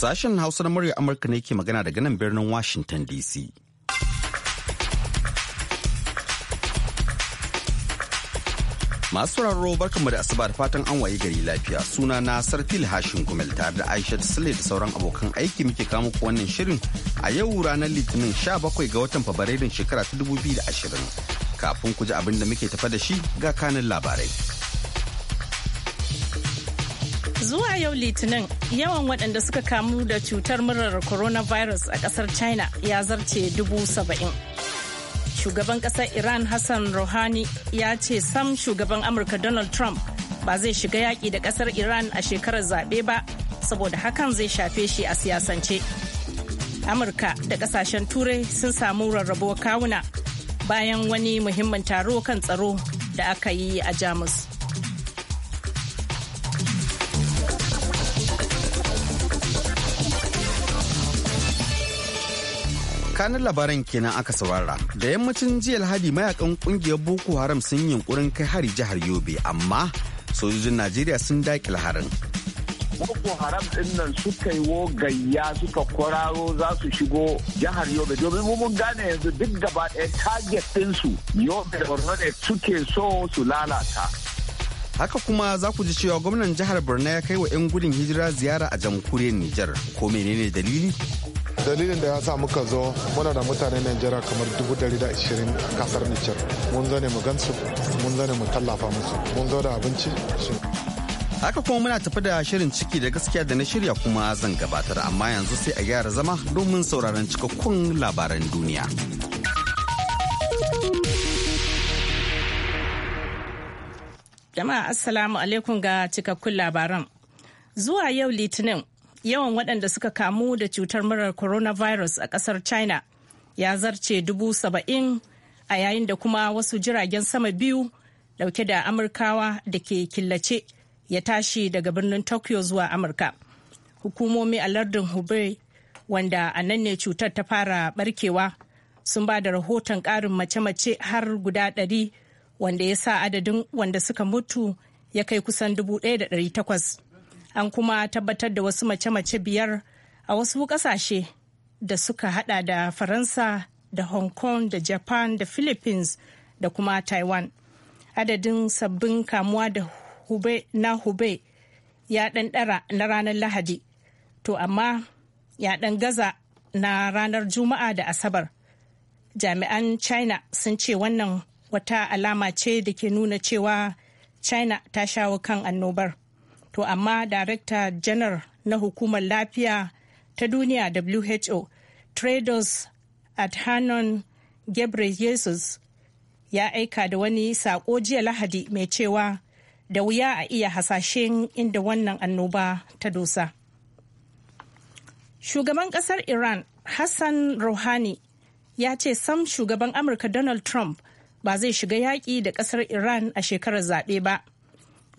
Sashen Hausa na murya Amurka ne ke magana daga nan birnin Washington DC. Masu sauraro barkanmu da asuba da fatan an waye gari lafiya suna na Sarfil Hashin Gumel tare da Aisha Sule da sauran abokan aiki muke kamo ku wannan shirin a yau ranar Litinin 17 ga watan Fabrairun shekara ta 2020. Kafin ku ji abin da muke tafa da shi ga kanin labarai. Zuwa yau Litinin yawan waɗanda suka kamu da cutar murar coronavirus a ƙasar China ya zarce dubu saba'in. Shugaban ƙasar Iran Hassan Rouhani ya ce sam shugaban Amurka Donald Trump ba zai shiga yaƙi da ƙasar Iran a shekarar zaɓe ba saboda hakan zai shafe shi a siyasance. Amurka da ƙasashen Turai sun samu rarrabuwar kawuna bayan wani muhimmin taro kan tsaro da aka yi a Jamus. tsakanin labaran kenan aka saurara da yammacin jiya alhadi mayakan kungiyar boko haram sun yi yunkurin kai hari jihar yobe amma sojojin najeriya sun daƙil harin boko haram din nan suka yi gayya suka kwararo za su shigo jihar yobe domin mu mun gane yanzu duk gaba ɗaya target ɗinsu yobe da borno ne suke so su lalata haka kuma za ku ji cewa gwamnan jihar borno ya kai wa 'yan gudun hijira ziyara a jamhuriyar nijar ko menene dalili dalilin da ya sa muka zo muna da mutane najeriya kamar dubu a kasar nijar mun zo ne mu gansu mun zo mu tallafa musu mun zo da abinci haka kuma muna tafi da shirin ciki da gaskiya da na shirya kuma zan gabatar amma yanzu sai a gyara zama domin sauraron cikakkun labaran duniya jama'a assalamu alaikum ga cikakkun labaran zuwa yau litinin yawan waɗanda suka kamu da cutar murar coronavirus a ƙasar china ya zarce dubu saba'in a yayin da kuma wasu jiragen sama biyu ɗauke da amurkawa da ke killace ya tashi daga birnin tokyo zuwa amurka hukumomi a lardin hubei wanda a nan ne cutar ta fara barkewa sun ba da rahoton ƙarin mace-mace har guda ɗari wanda ya sa adadin wanda suka mutu ya kai kusan dubu ɗaya da ɗari takwas. an kuma tabbatar da wasu mace-mace biyar a wasu kasashe da suka hada da faransa da hong kong da japan da philippines da kuma taiwan adadin sabbin kamuwa da hube na hube ya dan dara na ranar lahadi to amma ya dan gaza na ranar juma'a da asabar jami'an china sun ce wannan wata alama ce da ke nuna cewa china ta shawo kan annobar To amma Darekta janar na hukumar lafiya ta duniya WHO, Tredos Adhanom Ghebreyesus ya aika da wani sako jiya Lahadi mai cewa da wuya a iya hasashen inda wannan annoba ta dosa. Shugaban ƙasar Iran Hassan Rouhani ya ce sam shugaban Amurka Donald Trump ba zai shiga yaƙi da ƙasar Iran a shekarar zaɓe ba.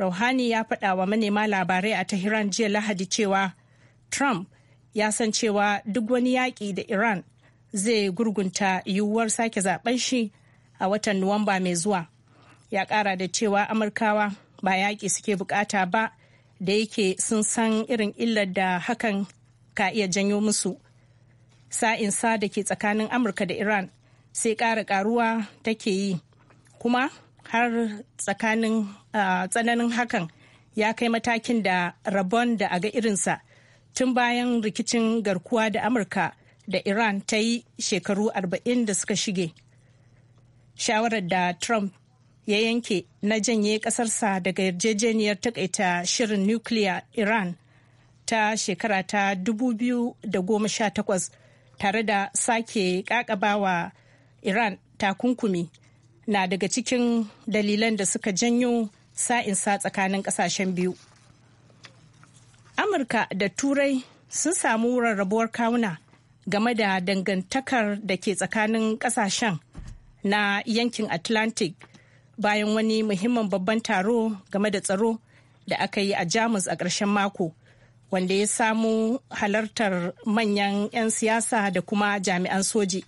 Rouhani ya faɗa wa manema labarai a Tehran jiya Lahadi cewa Trump ya san cewa duk wani yaƙi da Iran zai gurgunta yiwuwar sake zaben shi a watan Nuwamba mai zuwa. Ya ƙara da cewa Amurkawa ba yaƙi suke bukata ba da yake sun san irin illar da hakan ka iya janyo musu. Sa'insa da ke tsakanin Amurka da Iran sai ƙara ƙaruwa take yi. Kuma har tsakanin tsananin hakan ya kai matakin da rabon da aga irinsa tun bayan rikicin garkuwa da amurka da iran ta yi shekaru 40 da suka shige shawarar da trump ya yanke na janye kasarsa daga yarjejeniyar takaita shirin nukiliya iran ta shekara ta 2018 tare da sake kakabawa iran takunkumi na daga cikin dalilan da suka janyo sa'in sa tsakanin kasashen biyu amurka da turai sun samu rarrabuwar kawuna game da dangantakar da ke tsakanin kasashen na yankin atlantic bayan wani muhimmin babban taro game da tsaro da aka yi a jamus a ƙarshen mako wanda ya samu halartar manyan 'yan siyasa da kuma jami'an soji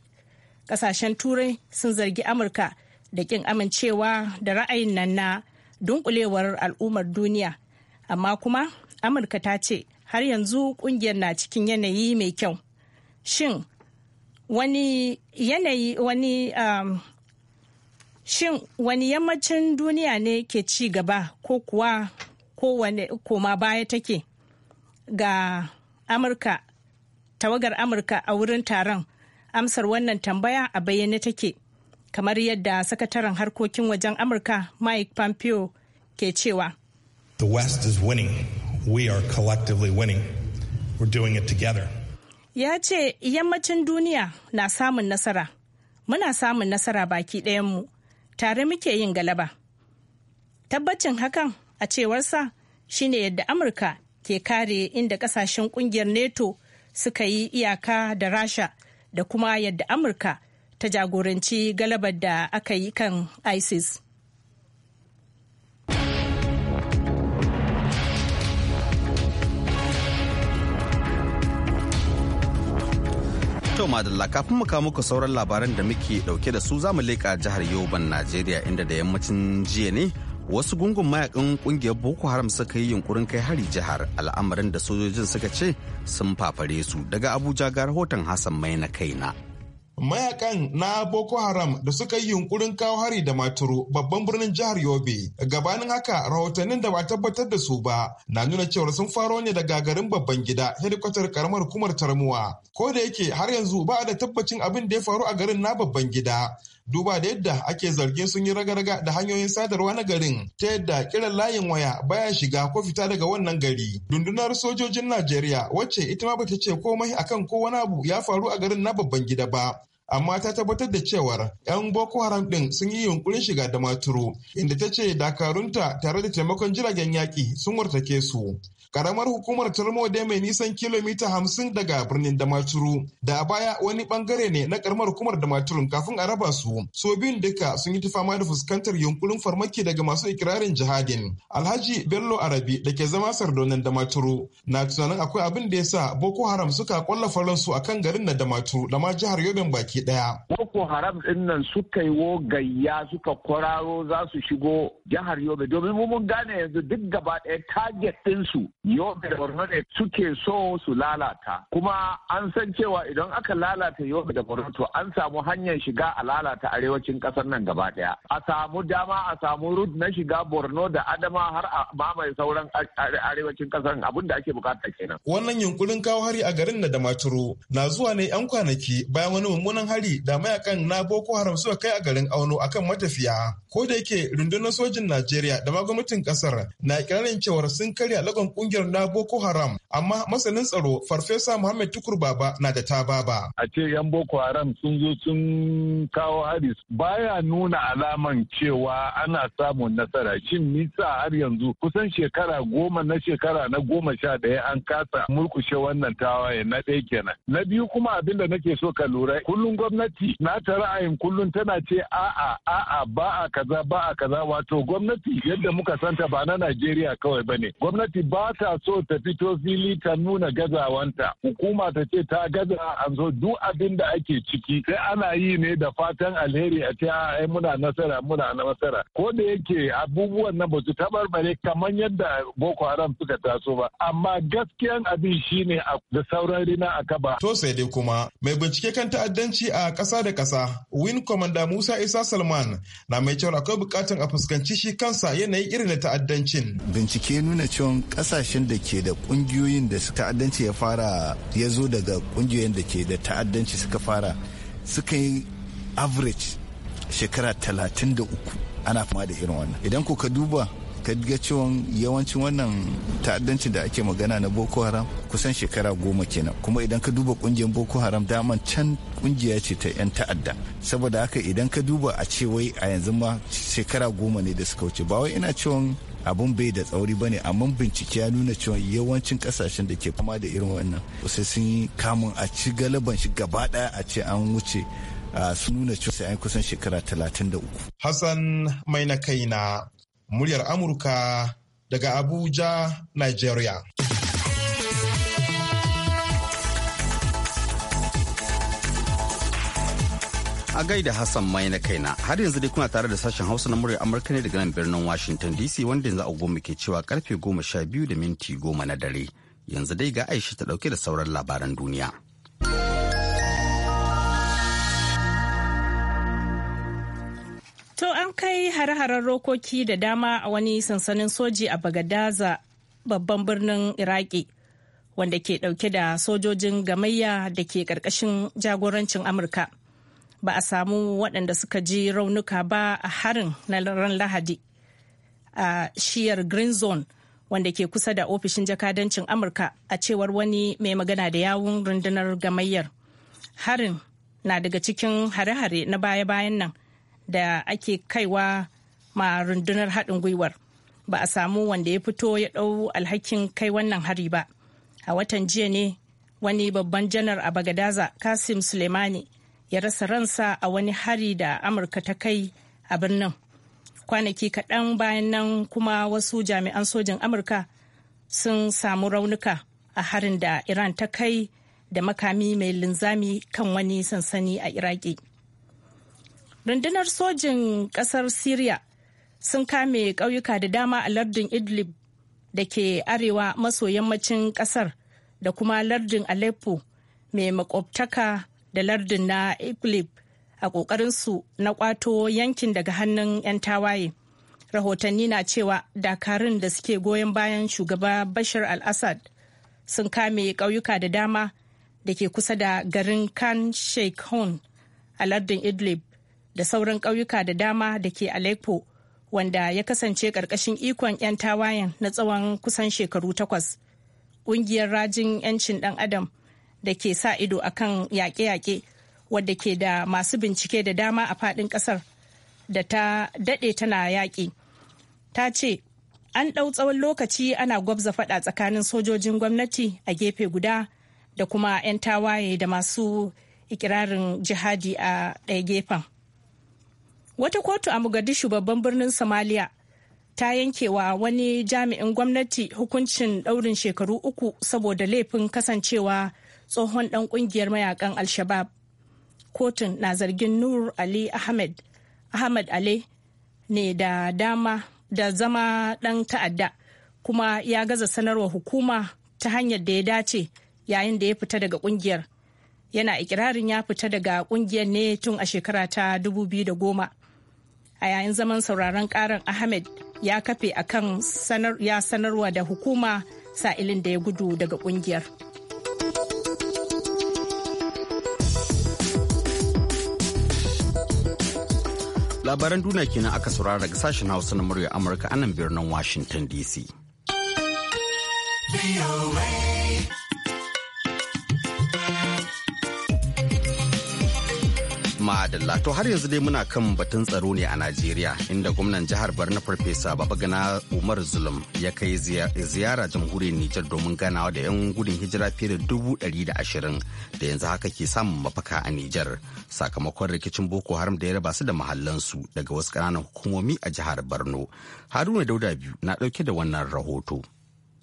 ƙasashen turai sun zargi amurka da kin amincewa da ra'ayin nan na dunkulewar al'ummar duniya amma kuma amurka ta ce har yanzu kungiyar na cikin yanayi mai kyau shin wani yanayi wani um, shin wani yammacin duniya ne ke ci gaba ko kuwa kowane koma baya take ga amurka tawagar amurka a wurin taron amsar wannan tambaya a bayyane take kamar yadda sakataren harkokin wajen amurka mike pompeo ke cewa the west is winning we are collectively winning we're doing it together ya ce yammacin duniya na samun nasara muna samun nasara baki ɗayanmu tare muke yin galaba tabbacin hakan a cewarsa shine yadda amurka ke kare inda kasashen kungiyar neto suka yi iyaka da rasha da kuma yadda amurka ta jagoranci galabar da aka yi kan isis toma madalla kafin mu kawo muku sauran labaran da muke dauke da su zamu leka jihar Yoban Najeriya inda da yammacin jiya ne wasu gungun mayakan kungiyar Boko Haram suka yi yunkurin kai hari jihar al'amarin da sojojin suka ce sun fafare su daga Abuja ga rahoton Hassan Mai na kaina. mayakan na Boko Haram da suka yi yunkurin kawo hari da maturu babban birnin jihar Yobe. Gabanin haka rahotannin da ba tabbatar da su ba na nuna cewar sun faro ne daga garin babban gida hedikwatar karamar hukumar tarmuwa. Ko da yake har yanzu ba a da tabbacin abin da ya faru a garin na babban gida. duba da yadda ake zargin sun yi ragaraga da hanyoyin sadarwa na garin ta yadda kiran layin waya baya shiga ko fita daga wannan gari dundunar sojojin najeriya wacce ita ma bata ce komai akan ko wani abu ya faru a garin na babban gida ba amma ta tabbatar da cewar 'yan boko haram ɗin sun yi yunkurin shiga da maturu inda ta ce dakarunta tare da taimakon jiragen yaƙi sun wartake su karamar hukumar Tarmode mai nisan kilomita hamsin daga birnin Damaturu. Da a baya wani bangare ne na karamar hukumar Damaturu kafin a raba su. So biyun duka sun yi tufama da fuskantar yunkurin farmaki daga masu ikirarin jihadin. Alhaji Bello Arabi da ke zama sardonan Damaturu na tunanin akwai abin da ya sa Boko Haram suka kwalla faransu a kan garin na Damaturu da ma jihar Yobe baki daya. Boko Haram din nan suka yi wo gayya suka kwararo za su shigo jihar Yobe domin mun gane yanzu duk gaba ɗaya target ɗinsu yobe da borno ne suke so su lalata kuma an san cewa idan aka lalata yobe da borno to an samu hanyar shiga a lalata arewacin kasar nan gaba daya a samu dama a samu rud na shiga borno da adama har a mamaye sauran arewacin kasar abin da ake bukata kenan wannan yunkurin kawo hari a garin na damaturu na zuwa ne yan kwanaki bayan wani mummunan hari da mayakan na boko haram suka kai a garin auno akan matafiya ko da yake rundunar sojin najeriya da ma gwamnatin kasar na kirarin cewar sun karya lagon kungiyar kungiyar na Boko Haram amma masanin tsaro Farfesa Muhammad Tukur Baba na da ta baba. A ce yan Boko Haram sun zo sun kawo Haris baya nuna alaman cewa ana samun nasara shin nisa har yanzu kusan shekara goma na shekara na goma sha daya an kasa mulkushe wannan tawaye na ɗaya kenan. Na biyu kuma abin da nake so ka lura kullum gwamnati na ta ra'ayin kullum tana ce a'a a'a ba a kaza ba a kaza wato gwamnati yadda muka santa ba na Najeriya kawai ba ne gwamnati ba ta so ta fito fili ta nuna gazawanta hukuma ta ce ta gaza an so duk abin da ake ciki sai ana yi ne da fatan alheri a ce ai muna nasara muna nasara ko da yake abubuwan nan ba su tabarbare kamar yadda boko haram suka taso ba amma gaskiyan abin shine da sauran rina a kaba to sai dai kuma mai bincike kan ta'addanci a ƙasa da kasa win komanda musa isa salman na mai cewa akwai bukatan a fuskanci shi kansa yanayi irin na ta'addancin bincike nuna cewa ƙasashe kasashen da ke da kungiyoyin da ta'addanci ya fara ya zo daga kungiyoyin da ke da ta'addanci suka fara suka yi average shekara talatin da uku ana fama da irin wannan idan ku ka duba ka ga cewa yawancin wannan ta'addancin da ake magana na boko haram kusan shekara goma kenan kuma idan ka duba kungiyar boko haram daman can ƙungiya ce ta 'yan ta'adda saboda haka idan ka duba a ce wai a yanzu ma shekara goma ne da suka wuce ba wai ina cewa abun bai da tsauri bane amma bincike ya nuna cewa yawancin kasashen da ke fama da irin wannan sai sun yi kamun a ci galaban shi gaba daya a ce an wuce sun nuna cewa sai an kusan shekara talatin da uku. Hassan mai na kaina muryar Amurka daga Abuja, Nigeria. a gaida Hassan mai na kaina har yanzu dai kuna tare da sashen Hausa na murya Amurka ne daga nan birnin Washington DC wanda yanzu agogo ke cewa karfe goma da minti goma na dare yanzu dai ga Aisha ta dauke da sauran labaran duniya. To an kai hare-haren rokoki da dama a wani sansanin soji a Bagadaza babban birnin Iraki wanda ke dauke da sojojin gamayya da ke karkashin jagorancin Amurka. ba a samu waɗanda suka ji raunuka ba a harin na ran lahadi a shiyar green zone wanda ke kusa da ofishin jakadancin amurka a cewar wani mai magana da yawun rundunar gamayyar harin na daga cikin hare-hare na baya-bayan nan da ake kaiwa ma rundunar haɗin gwiwar ba a samu wanda ya fito ya ɗau alhakin kai wannan hari ba a watan jiya ne wani babban janar a bagadaza kasim suleimani ya rasa ransa a wani hari da amurka ta kai a birnin kwanaki kaɗan bayan nan kuma wasu jami'an sojin amurka sun samu raunuka a harin da iran ta kai da makami mai linzami kan wani sansani a iraki rundunar sojin ƙasar syria sun kame ƙauyuka da dama a lardin idlib da ke arewa maso yammacin ƙasar da kuma lardin aleppo mai makwabtaka da lardin na Idlib a su na kwato yankin daga hannun 'yan tawaye. Rahotanni na cewa dakarun da suke goyon bayan shugaba Bashar al-Assad sun kame ƙauyuka da dama da ke kusa da garin Khan hun a lardin Idlib da sauran ƙauyuka da dama da ke Aleppo wanda ya kasance ƙarƙashin ikon 'yan tawayen na tsawon kusan shekaru takwas. Ƙungiyar rajin 'yancin ɗan adam da ke sa ido a kan yaƙe-yaƙe wadda ke da masu bincike da dama a faɗin ƙasar da ta daɗe tana yaƙi ta ce an ɗau tsawon lokaci ana gwabza faɗa tsakanin sojojin gwamnati a gefe guda da kuma 'yan tawaye da masu ikirarin jihadi a ɗaya gefen wata kotu a mogadishu babban birnin somalia ta yankewa wani jami'in gwamnati hukuncin ɗaurin shekaru uku saboda laifin kasancewa tsohon ɗan ƙungiyar mayakan al-shabab kotun na zargin nur ali ahmed ahmed ale ne da dama da zama ɗan ta'adda kuma ya gaza sanarwa hukuma ta hanyar da ya dace yayin da ya fita daga ƙungiyar yana ikirarin ya fita daga ƙungiyar ne tun a shekara ta 2010 a yayin zaman sauraron ƙarin ahmed ya kafe akan sanar ya sanarwa da hukuma sa'ilin da ya gudu daga ƙungiyar. labaran duniya kenan aka saurara daga sashen hausa na murya amurka anan birnin washington dc Madalla to har yanzu dai muna kan batun tsaro ne a Najeriya inda gwamnan jihar Barna Farfesa Gana Umar Zulum ya kai ziyara jamhuriyar Nijar domin ganawa da 'yan gudun hijira fiye da dubu ɗari da ashirin da yanzu haka ke samun mafaka a Nijar sakamakon rikicin Boko Haram da ya raba su da mahallansu daga wasu ƙananan hukumomi a jihar Borno. Haruna Dauda biyu na ɗauke da wannan rahoto.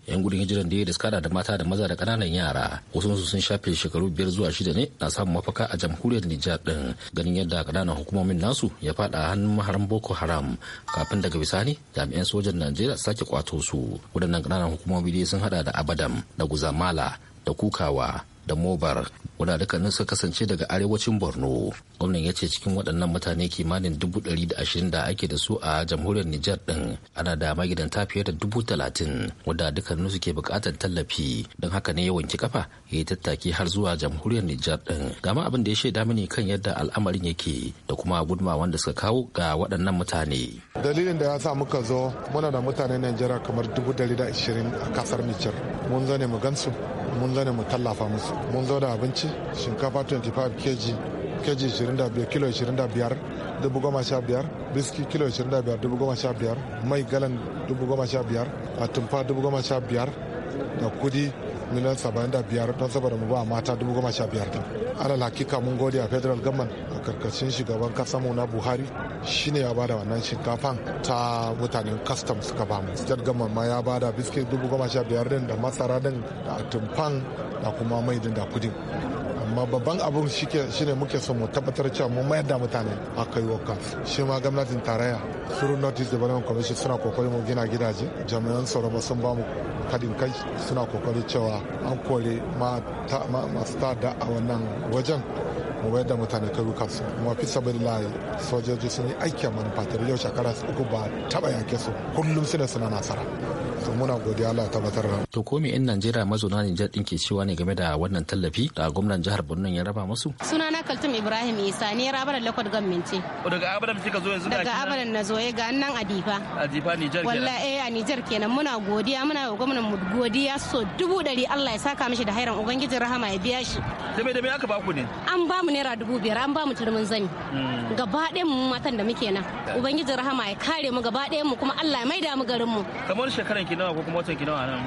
yan gudun hijiran da ya da skada da mata da maza da kananan yara wasu sun shafe shekaru biyar zuwa shida ne na samun mafaka a jamhuriyar nijar din ganin yadda kananan hukumomin nasu ya fada hannun maharan boko haram kafin daga bisani jami'an sojan najeriya sake kwato su wadannan kananan hukumomi dai sun hada da abadam da guzamala da kukawa da mobar wadda dukkanin su kasance daga arewacin borno gwamnan ya ce cikin waɗannan mutane kimanin dubu da ake da su a jamhuriyar nijar ɗin ana da magidanta fiye da dubu talatin wadda dukkanin su ke buƙatar tallafi don haka ne ya wanke kafa ya yi tattaki har zuwa jamhuriyar nijar ɗin gama abin da ya shaida mini kan yadda al'amarin yake da kuma gudma wanda suka kawo ga waɗannan mutane. dalilin da ya sa muka zo muna da mutane najeriya kamar dubu a kasar nijar mun zane ne mu gansu mun zo ne mu tallafa musu mun zo da abinci shinkafa 25 kg keji 25 kilo 25 dubu goma sha biyar biski kilo 25 dubu goma sha biyar mai galan dubu goma sha biyar a tumfa dubu goma sha biyar da kudi miliyan 75 don saboda mu ba mata dubu goma sha biyar ta alal hakika mun gode a federal government karkashin shugaban kasanmu na buhari shine ya bada wannan shinkafan ta mutanen custom suka bamu state government ma ya bada biskit dubu goma sha biyar din da masara din da tumfan da kuma mai din da kudin amma babban abun shine muke son mu tabbatar cewa mu mayar da mutane a kai waka shi ma gwamnatin tarayya suru notice development commission suna kokarin mu gina gidaje jami'an tsaro ba sun ba mu kadin kai suna kokarin cewa an kore masu tada a wannan wajen mu bayar da mutane karuka su kuma fi layi sojoji sun yi aiki a manufatar yau shekara uku ba taba yake su kullum suna suna nasara to muna godiya Allah tabbatar to ko me in Najeriya mazauna Nijar din ke cewa ne game da wannan tallafi da gwamnan jihar Borno ya raba musu sunana Kaltum Ibrahim Isa ne rabar da kwad gwamnati daga Abadan kika zo yanzu daga Abadan na zo eh, ga nan Adifa Adifa Nijar wallahi eh a Nijar kenan muna godiya muna wa gwamnan mu godiya so dubu dari Allah ya saka mishi da hairan ubangijin rahama ya biya shi da me da me aka ba ku ne an ba mu naira dubu biyar an ba mu turmin zani hmm. gaba ɗayan mu matan da muke nan ubangijin rahama ya kare mu gaba ɗayan mu kuma Allah ya maida mu garin mu kamar shekaran ki nawa ko kuma watan ki nawa nan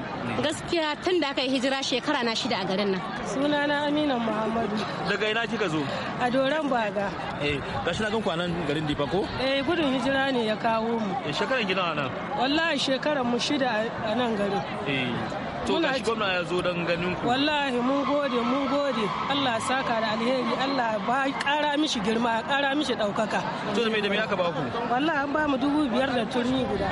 gaskiya tun da aka yi hijira shekara na shida a garin nan sunana amina muhammadu daga ina kika zo a doron baga eh gashi na gan kwanan garin difa ko eh gudun hijira ne ya kawo mu eh, shekaran ki nawa nan wallahi shekaran mu shida a nan garin eh to ga shi gwamna ya zo don ganin ku wallahi mun gode mun gode Allah saka da alheri Allah ba kara mishi girma kara mishi daukaka to me da me aka ba ku wallahi an ba mu dubu biyar da turmi guda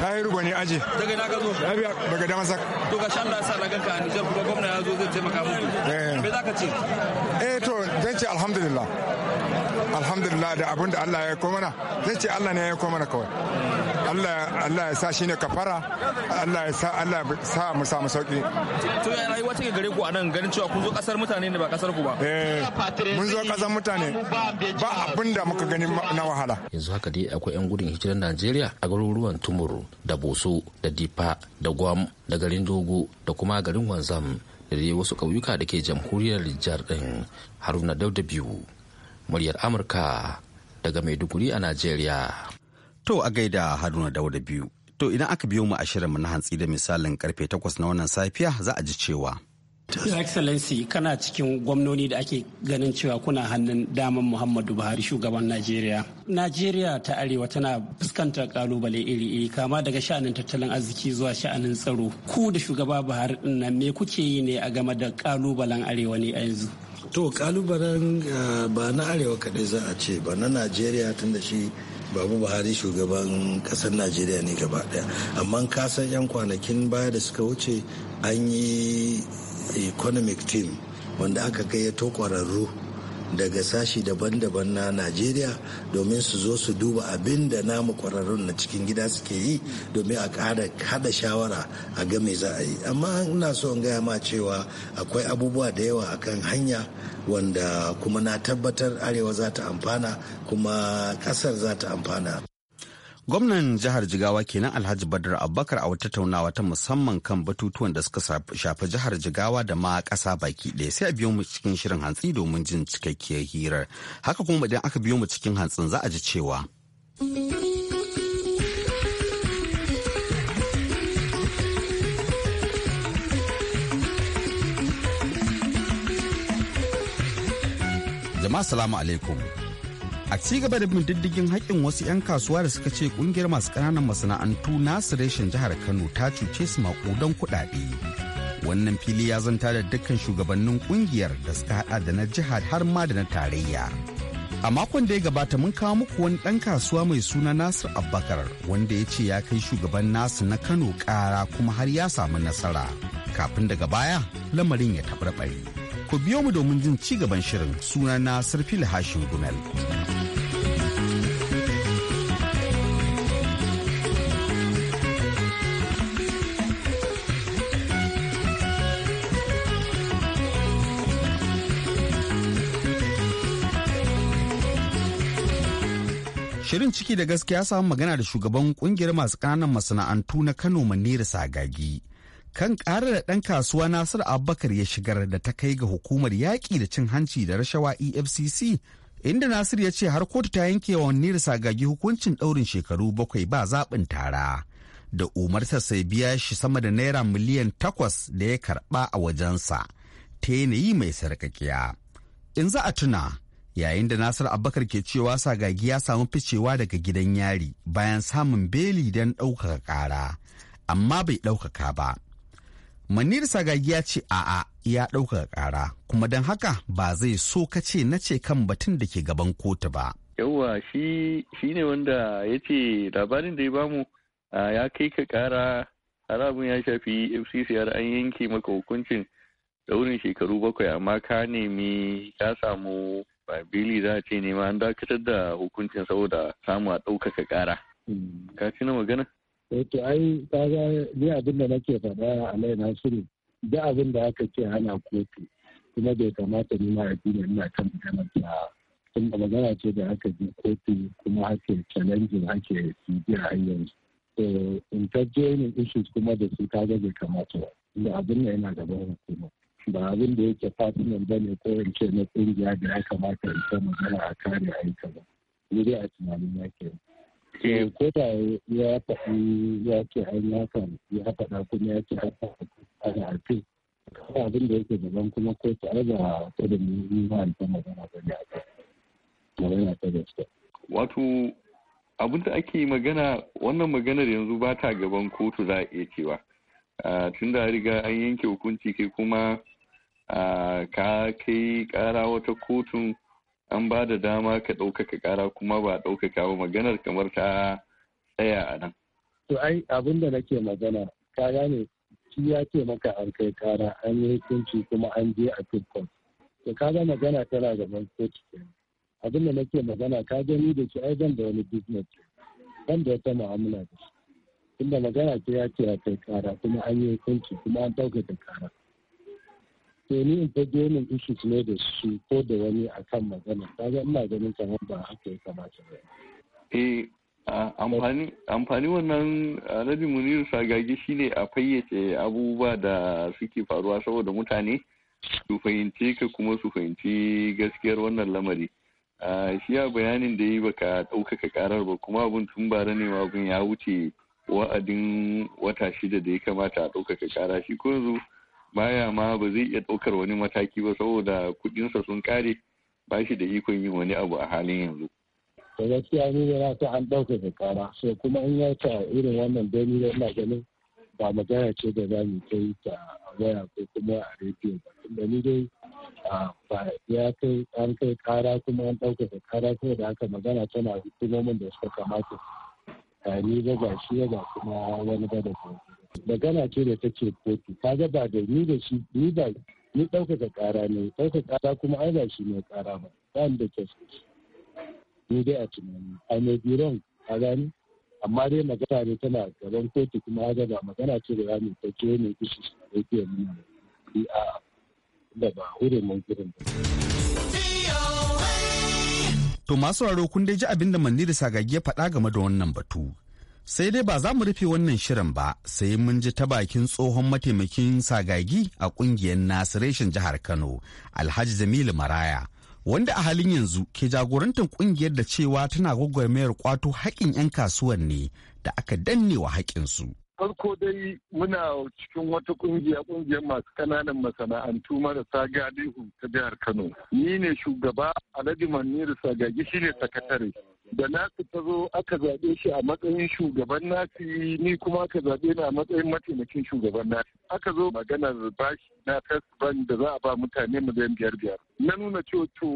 kai rugo ne aje daga na ka zo lafiya daga damasak to ga shan da sa na ganka a Nijar gwamna ya zo zai taimaka muku eh. me zaka ce eh to zan ce alhamdulillah alhamdulillah da abin da Allah ya yi mana zai ce Allah ne ya yi mana kawai Allah ya sa shi ne kafara Allah ya sa Allah sa mu samu sauki to ya rayuwa take gare ku anan ganin cewa kun zo kasar mutane ne ba kasar ku ba eh, mun zo kasar mutane ba abin da muka gani na wahala yanzu haka dai akwai yan gudun hijirar Najeriya a garuruwan Tumuru da Boso da Difa da Gwam da garin Dogo da kuma garin Wanzam da dai wasu ƙauyuka da ke jamhuriyar Nijar ɗin Haruna Dauda biyu muryar amurka daga maiduguri a najeriya to a gaida haruna wada biyu to idan aka biyo mu a shirinmu na hantsi da misalin karfe takwas na wannan safiya za a ji cewa Your Excellency kana cikin gwamnoni da ake ganin cewa kuna hannun daman Muhammadu Buhari shugaban Najeriya. Najeriya ta arewa tana fuskantar kalubale iri-iri kama daga sha'anin tattalin arziki zuwa sha'anin tsaro. Ku da shugaba Buhari ɗinnan nan me kuke yi ne a game da kalubalen arewa ne a yanzu? to kalubalen eh, ba na arewa kaɗai za a ce ba na najeriya tun da shi babu buhari shugaban ƙasar najeriya ne gaba daya amma kasan 'yan kwanakin baya da suka wuce an yi economic team wanda aka gayyato ƙwararru daga sashi daban-daban na najeriya domin su zo su duba abin da namu kwararrun na cikin gida suke yi domin a ƙara hada shawara a ga me za a yi amma ina so in gaya ma cewa akwai abubuwa da yawa akan hanya wanda kuma na tabbatar arewa za ta amfana kuma kasar za ta amfana Gwamnan jihar Jigawa kenan Alhaji Badar Abubakar a wata tattaunawa ta musamman kan batutuwan da suka shafi jihar Jigawa da ma kasa baki ɗaya sai a biyo mu cikin shirin hantsi domin jin cikakkiyar hirar. Haka kuma idan aka biyo mu cikin hantsin za a ji cewa. Jama'a salamu alaikum. a ci gaba da bin diddigin haƙƙin wasu 'yan kasuwa da suka ce ƙungiyar masu ƙananan masana'antu nasu reshen jihar kano ta cuce su maƙudan kuɗaɗe wannan fili ya zanta da dukkan shugabannin ƙungiyar da suka haɗa da na jihar har ma da na tarayya a makon da ya gabata mun kawo muku wani ɗan kasuwa mai suna nasir abbakar wanda ya ce ya kai shugaban nasu na kano ƙara kuma har ya samu nasara kafin daga baya lamarin ya taɓarɓare. Ku biyo mu domin jin ci gaban shirin suna na sarfi Hashin Gumel. Shirin ciki da gaskiya samun magana da shugaban kungiyar masu ƙananan masana'antu na Kano Manira Sagagi. kan ƙara da ɗan kasuwa Nasir Abubakar ya shigar da ta kai ga hukumar yaƙi da cin hanci da rashawa EFCC inda Nasir ya ce har kotu ta yanke wa Nira gagi hukuncin ɗaurin shekaru bakwai ba zaɓin tara da umarta sai biya shi sama da naira miliyan takwas da ya karɓa a wajensa ta yanayi mai sarƙaƙiya. In za a tuna yayin da Nasir Abubakar ke cewa Sagagi ya samu ficewa daga gidan yari bayan samun beli don ɗaukaka ƙara amma bai ɗaukaka ba. Manir Sagagi ya ce a'a ya ɗaukaka ƙara kuma don haka ba zai so kace na ce kan batun da ke gaban kotu ba. Yawwa shi ne wanda ya ce labarin da ya bamu ya kai ka ƙara harabin ya shafi FCC har an yanke maka hukuncin daurin shekaru bakwai amma ka nemi ka samu bili za a ce nema an dakatar da hukuncin saboda samu a ɗaukaka ƙara. Hmm. Ka ci na magana? eh to ai kaga ni abin da nake faɗa a lai nasiru da abin da aka ce hana kotu kuma bai kamata ni ma a duniya ina kan magana ta tun da magana ce da aka ji kotu kuma ake challenging ake hanyar in ta je ni issues kuma da su kaga bai kamata ba da abin da yana gaban hukuma ba abin da yake fasinan ba ne ko in ce na kungiya da ya kamata in ta magana a kare aika ba ni dai a tunanin yake Eh, eh, ko da ya faɗi ya ce an ya kan ya faɗa kuma ya ce a da harfi kawai abin da yake daban kuma ko ta arba ta da ni ba ta magana ba ne a kan magana ta da gaske. wato abin da ake magana wannan maganar yanzu ba ta gaban kotu za a iya cewa ah, tun da riga an yanke hukunci kai kuma ah, ka kai kara wata kotun an ba da dama ka ɗaukaka ƙara kuma ba ɗaukaka ba maganar kamar ta tsaya a nan. To ai abin da nake magana ka gane shi ya ce maka an kai ƙara an yi hukunci kuma an je a tukun. To ka ga magana tana da kotu Abin da nake magana ka gani da shi ai zan da wani business ban da wata mu'amala da shi. Tunda magana ce ya ce a kai ƙara kuma an yi hukunci kuma an ɗaukaka ƙara. to ni in fage wannan issues ne da su ko da wani akan magana kaga ina ganin kamar ba haka ya kamata ba eh amfani wannan rabi muniru sagage shine a fayyace abubuwa da suke faruwa saboda mutane su fahimci ka kuma su fahimci gaskiyar wannan lamari shi ya bayanin da yi baka ɗaukaka karar ba kuma abin tun bara ne abin ya wuce wa'adin wata shida da ya kamata a ɗaukaka kara shi ko yanzu baya ma ba zai iya ɗaukar wani mataki ba saboda kuɗinsa sun kare ba shi da ikon yin wani abu a halin yanzu. da gaskiya ni da na ta an ɗaukaka kara sai kuma in ya ta irin wannan dani da ina ganin ba magana ce da za mu kai ta a waya ko kuma a rediyo ba tunda ni dai ba ya kai an kai kara kuma an ɗaukaka kara kuma da haka magana tana hukumomin da suka kamata ni ba shi ba kuma wani ba da kuma magana ce da take kotu kaga ba da ni da shi ni da ni ɗaukaka ƙara ne ɗaukaka ƙara kuma ai ba shi ne ƙara ba ba ni da kyau ni dai a tunani a ne biron a gani amma dai magana ne tana gaban kotu kuma haga ba magana ce da za mu ɗauke ne kishi da yake nuna a da ba hurin mun girin To masu raro kun dai ji abinda da Manni ya faɗa game da wannan batu. sai dai ba za mu rufe wannan shirin ba sai mun ji ta bakin tsohon mataimakin sagagi a kungiyar nasireshin jihar kano alhaji jamilu maraya wanda a halin yanzu ke jagorantar kungiyar da cewa tana gwagwarmayar kwato haƙƙin 'yan kasuwan ne da aka danne wa haƙƙinsu. farko dai muna cikin wata kungiya kungiyar masu kananan masana'antu marasa galihu ta jihar kano ni ne shugaba alhaji maniru sagagi shine sakatare da nasu ta zo aka zaɓe shi a matsayin shugaban nasi ni kuma aka zaɓe ni a matsayin mataimakin shugaban nasi aka zo maganar bashi na first bank da za a ba mutane miliyan biyar biyar na nuna cewa to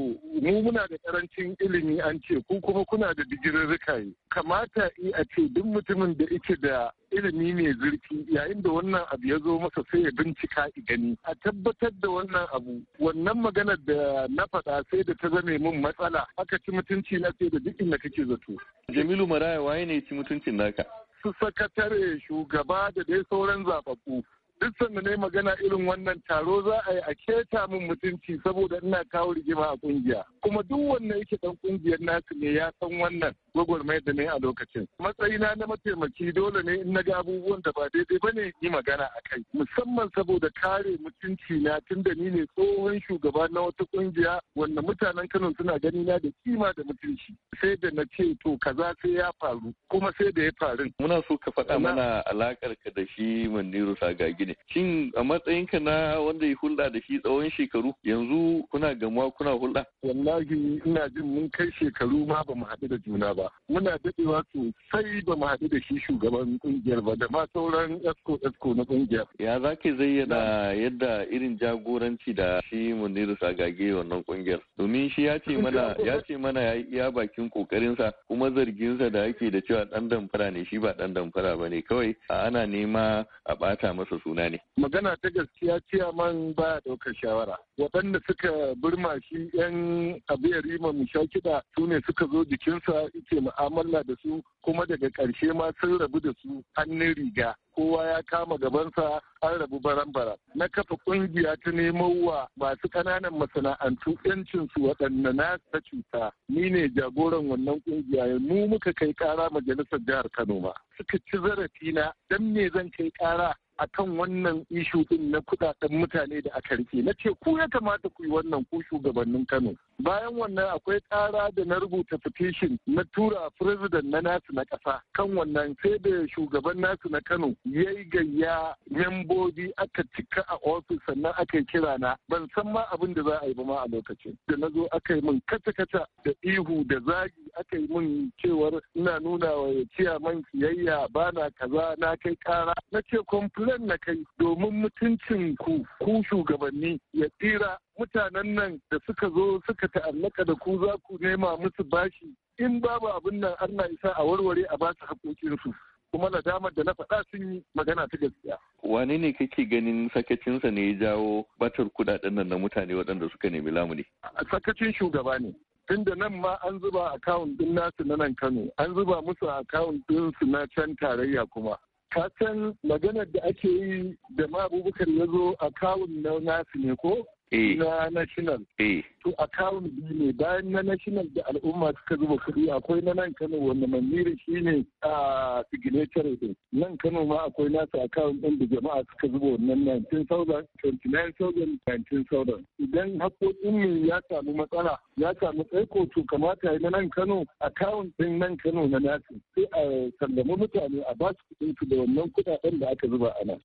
mu muna da karancin ilimi an ce ku kuma kuna da digirin rikaye kamata a ce duk mutumin da ike da ilimi ne zurfi yayin da wannan abu ya zo masa sai ya bincika i gani a tabbatar da wannan abu wannan maganar da na faɗa sai da ta zame min matsala aka ci mutunci na sai da duk inda kake zato jamilu maraya waye ne ci mutuncin naka su sakatare shugaba da dai sauran zababbu duk sanda na magana irin wannan taro za a yi a keta min mutunci saboda ina kawo rigima a kungiya kuma duk wanda yake dan kungiyar nasu ne ya san wannan gwagwarmayar da na yi a lokacin matsayina na mataimaki dole ne in na ga abubuwan da ba daidai ba ne yi magana a kai musamman saboda kare mutunci na tun da ni ne tsohon shugaba na wata kungiya wanda mutanen kano suna gani na da kima da mutunci sai da na ce to kaza sai ya faru kuma sai da ya faru muna so ka faɗa mana alakar ka da shi maniru sagagi ne shin a matsayinka na wanda ya hulɗa da shi tsawon shekaru yanzu kuna gamuwa kuna hulɗa wallahi ina jin mun kai shekaru ma ba mu haɗu da juna ba ba muna dadewa sosai ba mu haɗu da shi shugaban kungiyar ba da ma sauran esko esko na kungiyar ya zaki zayyana yadda irin jagoranci da shi muniru sagage wannan kungiyar domin shi ya ce mana ya ce mana ya iya bakin kokarinsa kuma zarginsa da ake da cewa dan damfara ne shi ba dan damfara ne, kawai ana nema a bata masa suna ne magana ta gaskiya ba baya ɗaukar shawara waɗanda suka birma shi yan abiyar rima mu sha kiɗa su ne suka zo jikinsa muke mu'amala da su kuma daga ƙarshe ma sun rabu da su hannun riga kowa ya kama gabansa an rabu baran-baran na kafa ƙungiya ta nemo wa masu ƙananan masana'antu yancin su waɗanda na ta cuta ni ne jagoran wannan kungiya mu muka kai ƙara majalisar jihar Kano ba. suka ci zarafi na dan me zan kai ƙara a kan wannan ishu din na kudaden mutane da aka rike na ce ku ya kamata ku yi wannan ku shugabannin kano bayan wannan akwai kara da na rubuta petition na tura president na nasu na ƙasa kan wannan sai da shugaban nasu na kano ya yi gayya membobi aka cika a ofis sannan aka yi kira na ban san ma abin da za a yi ba ma a lokacin da na zo aka yi min kata-kata da ihu da zagi aka yi min cewar ina nuna wa ya ciya man siyayya ba na kaza na kai kara na ce complain na kai domin mutuncin ku ku shugabanni ya tsira mutanen nan da suka zo suka ta'allaka da ku za ku nema musu bashi in babu abin nan na isa a warware a basu haƙoƙinsu kuma nadamar da na faɗa sun yi magana ta gaskiya. Wane ne kake ganin sakacinsa ne ya jawo batar kuɗaɗen nan na mutane waɗanda suka nemi lamuni? Sakacin shugaba ne. Tunda nan ma an zuba akawun ɗin nasu na nan Kano, an zuba musu akawun su na can tarayya kuma. Ka san maganar da ake yi da ma abubakar ya zo akawun na nasu ne ko? Eh. na national eh. to akawun biyu ne bayan na national da al'umma suka zuba kuɗi akwai na nan kano wanda mamiri shi ne a signature din nan kano ma akwai nasa account ɗin da jama'a suka zuba wannan 19,000 29,000 19,000 idan haƙoƙin ne ya samu matsala ya samu tsaiko to kamata ya na nan kano akawun ɗin nan kano na nasu sai a sallama mutane a ba su kuɗin su da wannan kuɗaɗen da aka zuba a nan.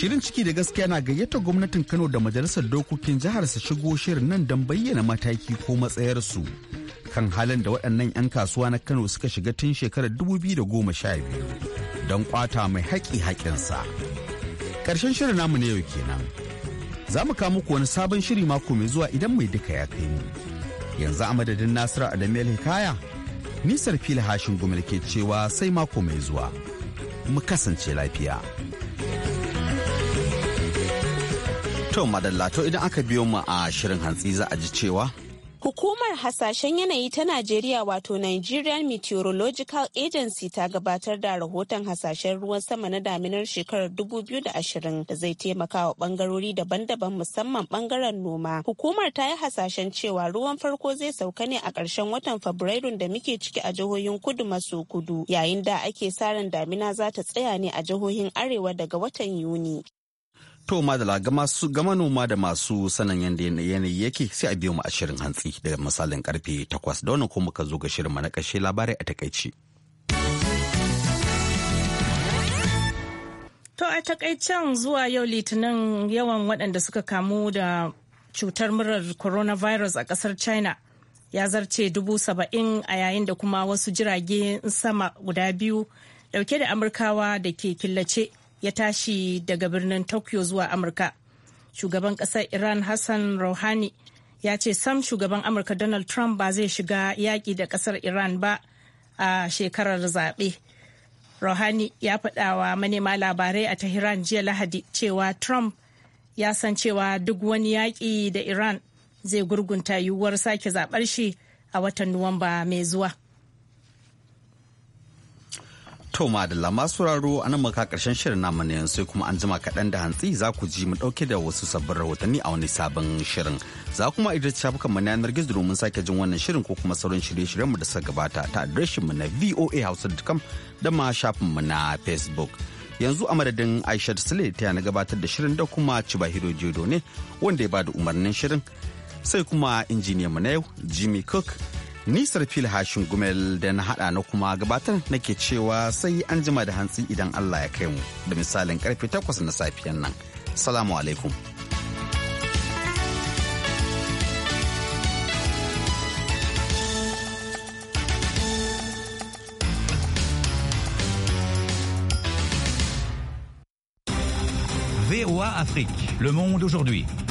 Shirin ciki da gaskiya na gayyata gwamnatin Kano da majalisar dokokin jihar su shigo shirin nan don bayyana mataki ko matsayarsu kan halin da waɗannan 'yan kasuwa na Kano suka shiga tun shekarar 2012 don kwata mai haƙi haƙinsa. Ƙarshen shirin namu ne yau kenan. Za mu kawo muku wani sabon shiri mako mai zuwa idan mai duka ya kai mu. Yanzu a madadin Nasiru Adamiyar Hikaya, nisar fili hashin gumil cewa sai mako mai zuwa. Mu kasance lafiya. To madalla idan aka biyo mu a shirin hantsi za a ji cewa Hukumar hasashen yanayi ta Najeriya wato Nigerian Meteorological Agency ta gabatar da rahoton hasashen ruwan sama na daminar shekarar 2020 da zai taimaka wa bangarori daban-daban musamman bangaren noma. Hukumar ta yi hasashen cewa ruwan farko zai sauka ne a ƙarshen watan Fabrairun da muke ciki a jihohin kudu maso kudu yayin da ake sa damina za ta tsaya ne a jihohin arewa daga watan Yuni. To madala ga manoma da masu sanin yanayi yake sai a biyo mu ashirin hantsi da misalin karfe takwas da wannan kuma ka zo ga shirin na kashe labarai a takaici. To a takaicen zuwa yau litinin yawan waɗanda suka kamu da cutar murar coronavirus a ƙasar China ya zarce dubu saba'in a yayin da kuma wasu jirage sama guda biyu dauke da amurkawa da ke killace ya tashi daga birnin Tokyo zuwa Amurka. Shugaban ƙasar Iran Hassan Rouhani ya ce sam shugaban Amurka Donald Trump ba zai shiga yaƙi da ƙasar Iran ba a shekarar zaɓe. Rouhani ya faɗawa manema labarai a Tehran jiya Lahadi cewa Trump ya san cewa duk wani yaƙi da Iran zai gurgunta yiwuwar sake zaɓar shi a watan Nuwamba mai zuwa. To madalla masu sauraro a nan maka karshen shirin namu ne sai kuma an jima kaɗan da hantsi za ku ji mu ɗauke da wasu sabbin rahotanni a wani sabon shirin. Za kuma idan shafukan mu na yanar gizo domin sake jin wannan shirin ko kuma sauran shirye-shiryen mu da suka gabata ta adireshin mu na hausa da ma shafin mu na Facebook. Yanzu a madadin Aisha Sule ta na gabatar da shirin da kuma Chibahiro Jodo ne wanda ya bada umarnin shirin. Sai kuma injiniyan mu na yau Jimmy Cook Ni sarfil hashin gumel da na haɗa na kuma gabatar nake cewa sai an jima da hantsi idan Allah ya kai mu da misalin karfe takwas na safiyan nan. Salamu alaikum. Afrique. Le monde aujourd'hui.